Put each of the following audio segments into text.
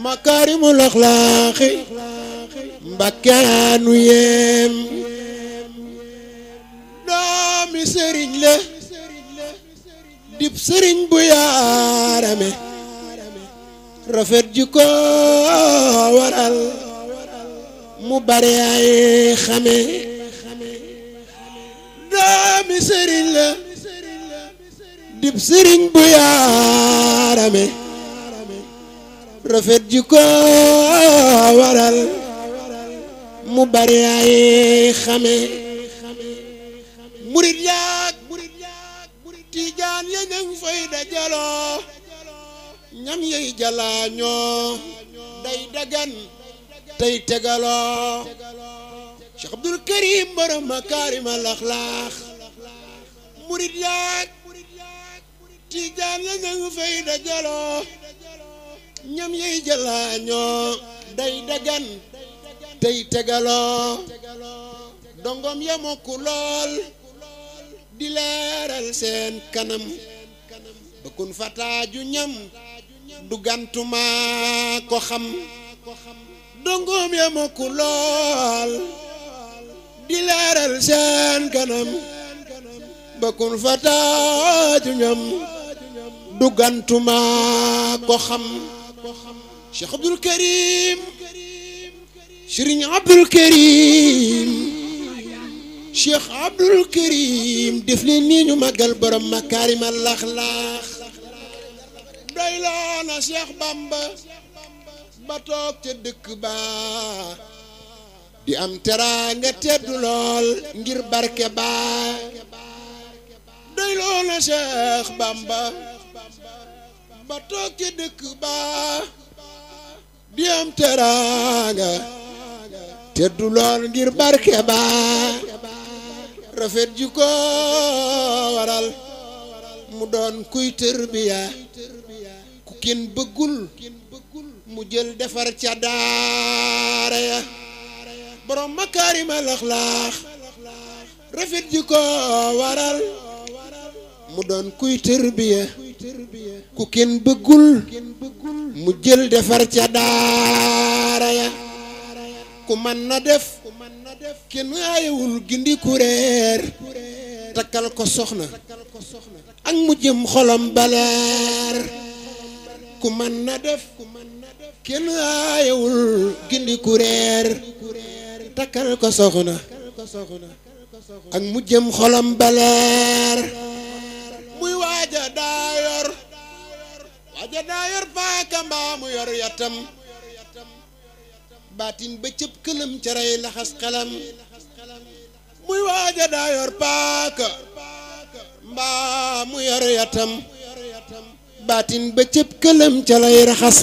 makaarimul axlaaxi mbakkaanu yeem doomi sëriñ la dib sëriñ bu yaarame rafet ji ko waral mu bare ay xame doomi sëriñ la dib sëriñ bu yaarame rafet ji ko waral mu bari ay xame murit yaag tiijaan ya ñañ fay dajaloo ñam yey jalaañoo day dagan tey tegaloo Cheikh Abdul Karim borom makaarimal axlaax murit yaag tiijaan ya ñañ fay dajaloo ñam yey jëlaañoo day dagan tey tegaloo dongom ya lool di leeral seen kanam bëkkun fataaju ñam du ko xam Cheikh Abdoul Karim Serigne Abdoul Karim Cheikh Abdoul Karim def leen nii ñu màggal borom makaarima lax-laax doy loo na Cheikh Bamba ba ca dëkk ba di am teraanga tedd lool ngir barke ba doy loo na Cheikh Bamba ba toog ci dëkk ba di am teraanga te lool ngir barke ba rafet ji ko waral mu doon kuy tërbiya ku kenn bëggul mu jël defar ca daara ya borom makaarima laxlaax rafet ji ko waral mu doon kuy tërbiya ku kenn bëggul mu jël defar ca daara ya ku man na def kenn aayewul gindi kuréer takkal ko soxna ak mu jëm xolam baleer ku mën na def kenn aayewul gindi kuréer takkal ko soxna ak mu jëm xolam baleer paaka mbaa mu yor yatam baatin ba cëb këlam ca rey laxas muy waaja daa yor paaka yor paaka yor mu yor yatam baatin ba cëb këlam ca raxas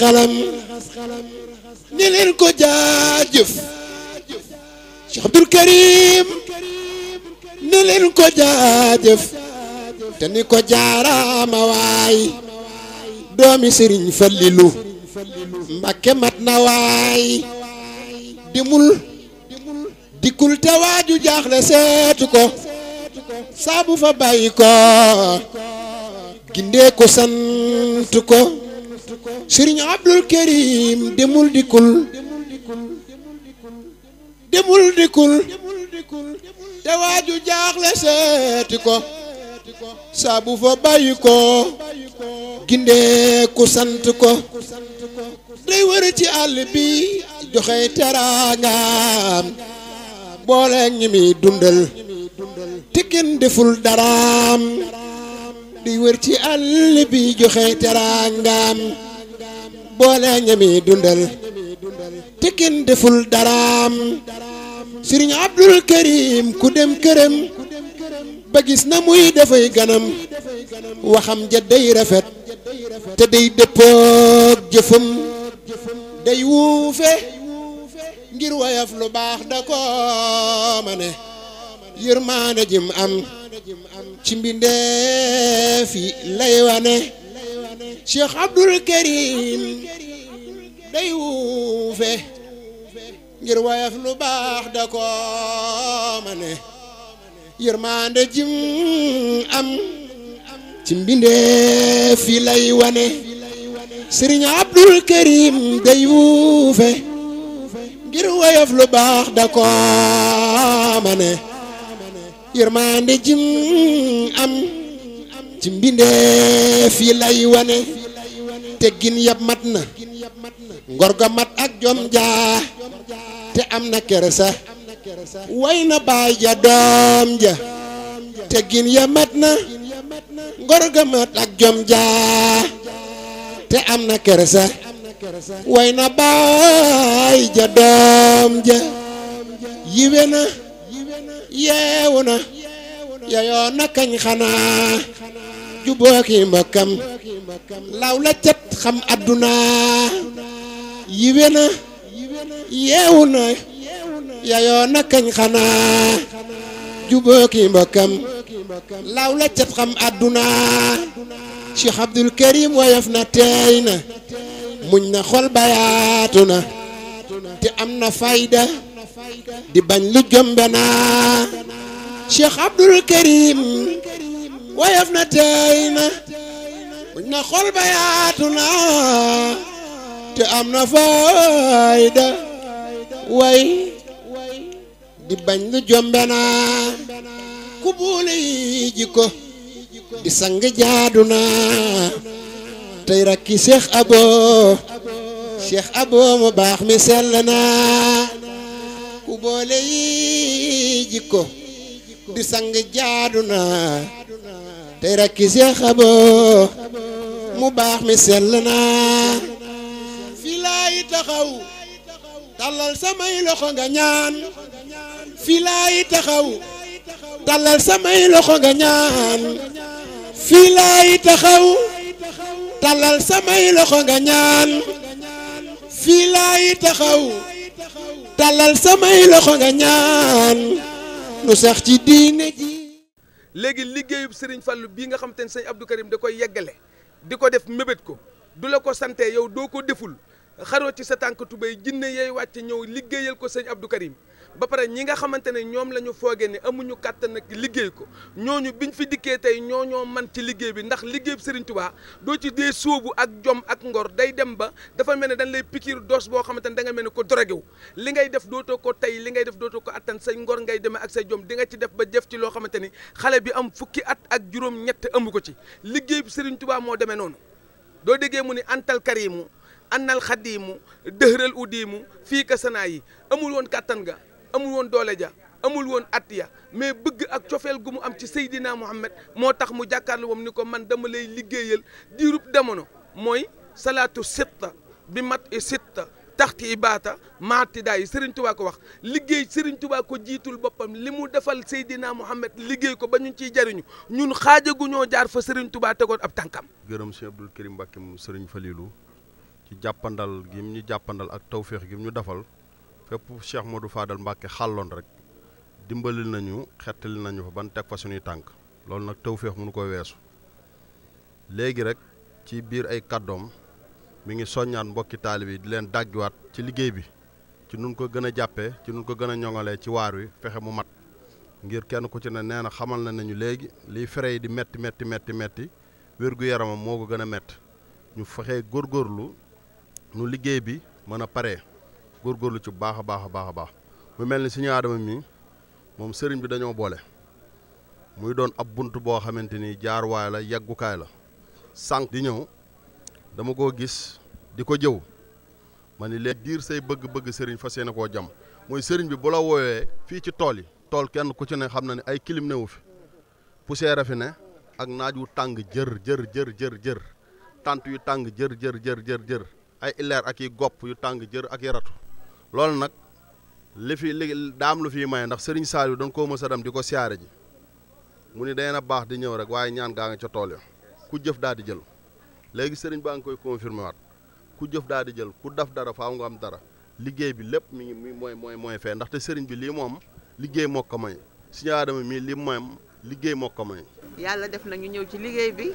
xelam ni leen ko jaajëf Cheikh Abdoul Karim ni ko jaajëf te ni ko jaaraama waay doomi Serigne Fallilou Mbakke mat na waay dimul dikkul te waaju jaaxle seetu ko saabu fa bàyyi ko gindee ko sant ko sëriñ Abdul Karim demul dikkul demul dikkul te waaju jaaxle seeti ko saa fa bàyyi ko gindee sant ko day wër ci àll bi joxe teraangaam boole ñi dundal te kenn deful daraam day wër ci àll bi joxe teraangaam boole ñami dundal te kenn deful daraam sëriñ Abdul Karim ku dem këram ba gis na muy dafay ganam waxam ja day rafet te day dëppoog jëfam day wuufe ngir wayaf lu baax da ko mane yërmaane jim am ci mbindeef yi lay wane Cheikh Abdul Karim day wuufe wayaf lu baax da ko mane yërmande jim am ci mbindee fi lay Abdul Karim day wuufe wayaf lu baax da ko mane yërmande jim am ci mbindeef yi lay wane te gin yab mat na ngor ga mat ak jom jaa te am na kersa way na baay ja doom ja te gin ya mat na ngor ga mat ak jom jaa te am na kersa way na baay ja doom ja yiwe na yeewu na yeyoo na kañ xanaa jubooki mbokkam law la cet xam adduna yiwe na yeewu na yayoo na kañ xanaa jubooki mbokkam law la cet xam adduna Cheikh Abdul Karim woyof na teey na muñ na xol bayaatu na te am na fayda di bañ lu jombe naa Cheikh Abdul Karim woyof na teey na buñ na xol ba yaatu na te am na fayda way di bañ lu jombe na ku buule yi jikko di sang jaadu na tey rakki Cheikh Abo Cheikh Abo mu baax mi sell na ku boole yi jikko di sang jaadu na tey rakki Seex Abo mu baax mi sell na fi laay taxaw tallal samay loxo nga ñaan fi laay taxaw tallal samay loxo nga ñaan fi laay taxaw tallal samay loxo nga taxaw tallal samay loxo nga ñaan nu sax ci diine ji. léegi liggéeyub Serigne Fallou bii nga xam te ne sëñ Abdou Karim da koy yeggale di ko def mébét ko du la ko sante yow doo ko deful xaroo ci sa tànk tubéy jinne yey wàcc ñëw liggéeyal ko sëñ Abdou Karim ba pare ñi nga xamante ne ñoom lañu fooge ni amuñu kàttan ak liggéey ko ñooñu biñ fi dikkee tey ñoo ñoo man ci liggéey bi ndax liggéey bi Serigne Touba doo ci dee sóobu ak jom ak ngor day dem ba dafa mel ne dañ lay pikiir dos boo xamante ne danga mel ne ko dorogew li ngay def dootoo ko tey li ngay def dootoo ko attan say ngor ngay demee ak say jom dinga ci def ba jëf ci loo xamante ni xale bi am fukki at ak juróom ñett amu ko ci liggéey bi Serigne Touba moo demee noonu doo déggee mu ni antal karimu annal xadiimu dëhëral udiimu fii ka sanaa yi amul woon kàttan ga amul woon doole ja amul woon at ya mais bëgg ak cofeel gu mu am ci Seydina Muhammad moo tax mu jàkkaarloo moom ni ko man dama lay liggéeyal diirub demono mooy salaatu sitta bi mat i sitta taxti i baata maati daay Serigne Touba ko wax liggéey Serigne Touba ko jiitul boppam li mu defal Seydina Muhammad liggéey ko ba ñu ciy jariñu ñun xaajaguñoo jaar fa Serigne Touba tegoon ab tànkam. gërëm Cheikh Abdoul Karim Mbacké mu Serigne Falilou ci jàppandal gi mu ñu jàppandal ak tawféex gi ñu defal. fépp Cheikh Modou Fadal Mbacke xàlloon rek dimbali nañu xettali nañu fa ban teg fa suñuy tànk loolu nag tawféex mënu ko weesu léegi rek ci biir ay kàddoom mu ngi soññaan mbokki taalibe yi di leen dàggiwaat ci liggéey bi ci nun ko gën a jàppee ci nun ko gën a ñoŋalee ci waar wi fexe mu mat ngir kenn ku ci ne nee na xamal na nañu léegi liy fere yi di metti metti metti metti wér-gu-yaramam moo ko gën a metti ñu fexe góorlu nu liggéey bi mën a pare góorgóorlu ci bu baax a baax a baax a baax mu mel ni suñu aadama mi moom sëriñ bi dañoo boole muy doon ab bunt boo xamante ni jaaruwaay la yeggukaay la sànq di ñëw dama koo gis di ko jëw ma ni leen diir say bëgg-bëgg sëriñ fa yéene koo jam mooy sëriñ bi bu la wooyee fii ci tool yi tool kenn ku ci ne xam na ne ay kilim newu fi poussière fi ne ak naaj wu tàng jër jër jër jër jër tant yu tàng jër jër jër jër jër ay ileer ak i gopp yu tàng jër ak i loolu nag li fi li daam lu fiy maye ndax sëriñ Saliou doon koo mës dem di ko siyaare ji mu ni day na baax di ñëw rek waaye ñaan gaa nga ca tool ya ku jëf daal di jël léegi sëriñ baa ngi koy confirmé ku jëf daal di jël ku def dara faaw nga am dara liggéey bi lépp mi ngi mi mooy mooy mooy fee ndaxte sëriñ bi lii moom liggéey moo ko may suñu aadama mii lii moom liggéey moo ko yàlla def na ñu ñëw ci liggéey bi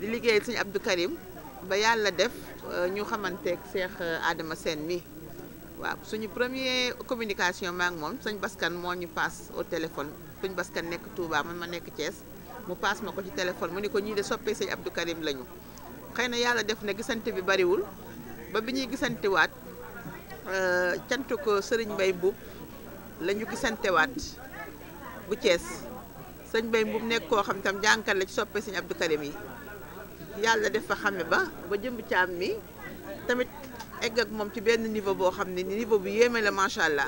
di liggéey suñu Abdou Karim ba yàlla def euh, ñu xamanteeg Cheikh euh, Adama Sène mi waaw suñu premier communication ma moom sëñ Baskan moo ñu paas au téléphone sëñ Baskan nekk tuubaa man ma nekk cees mu paas ma ko ci téléphone mu ne ko ñii de soppee sëñ Abdou Karim lañu xëy na yàlla def na gisante bi bariwul ba bi ñuy gisantewaat euh, cantu ko sëriñ Mbay Mbuub la ñu bu Thiès sëñ bay Mbuub nekk koo xam tam jànkal la ci soppee sëñ Abdou Karim yi yàlla def fa xame ba ba jëmb caam mi tamit egg ak moom ci benn niveau boo xam ne niveau bu yéeme la macha allah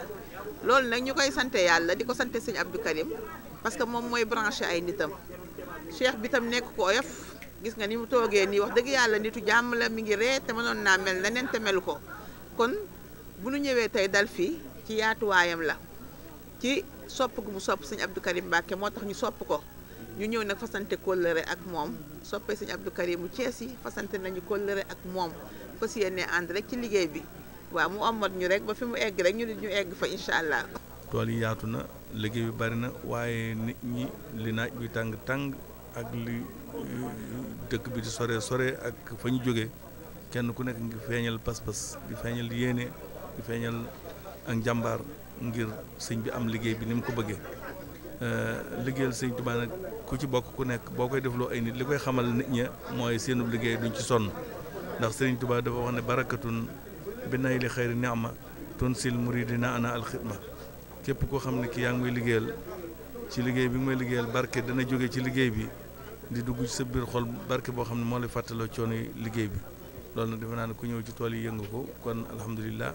loolu nag ñu koy sante yàlla di ko sante sëñ Abdou Karim parce que moom mooy branché ay nitam cheikh bi tam nekk ko oyof gis nga ni mu toogee nii wax dëgg yàlla nitu jàmm la mi ngi ree te mënoon naa mel leneen te melu ko kon bu nu ñëwee tey dal fii ci yaatuwaayam la ci sopp gu mu sopp sëñ Abdou Karim Mbacke moo tax ñu sopp ko ñu ñëw nag fasante kóllëre ak moom soppee sëñ Abdou Karim bu Cees yi fasante nañu ak moom si yéenee ànd rek ci liggéey bi waaw mu amat ñu rek ba fi mu egg rek ñu ñu egg fa incha allah. tool yi yaatu na liggéey bi bari na waaye nit ñi li naaj bi tàng tàng ak li dëkk bi di sore sore ak fa ñu jógee kenn ku nekk ngi feeñal pas-pas di feeñal yéene di feeñal ak njàmbaar ngir sëñ bi am liggéey bi ni mu ko bëggee euh, liggéeyal sëñ Tuubaa nag ku ci bokk ku nekk boo koy defloo ay nit li koy xamal nit ña mooy seenub liggéey duñ ci sonn. ndax Serigne Touba dafa wax ne barakatun bi nay li xayri ni'ma tunsil muridina ana alxidma képp koo xam ne ki yaa ngi may liggéeyal ci liggéey bi may liggéeyal barke dana jóge ci liggéey bi di dugg ci sa biir xol barke boo xam ne moo lay fàttaloo coono liggéey bi loolu nag defe naa ne ku ñëw ci tool yi yëngu ko kon alhamdulilah